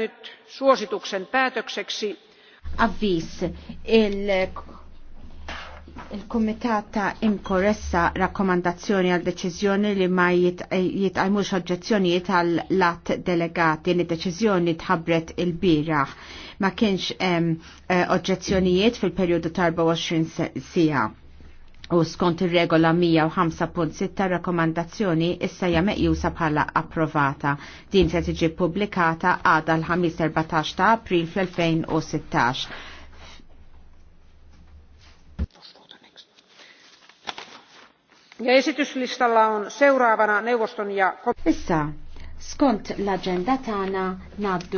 esittänyt suosituksen päätökseksi avviż il il-Kumitat ta' imkoressa rakkomandazzjoni għal deċiżjoni li ma jitqajmux oġġezzjonijiet għal lat delegati li deċiżjoni tħabbret il-biraħ ma kienx eh, oġġezzjonijiet fil periodu ta' 24 sija. U skont ir-regola 105.6 rakkomandazzjoni issa hija meqjusa bħala approvata. Din se tiġi pubblikata għada l-15 ta' April fl-2016. Ja listalla on seuraavana neuvoston ja... Issa, skont l-agenda tagħna ngħaddu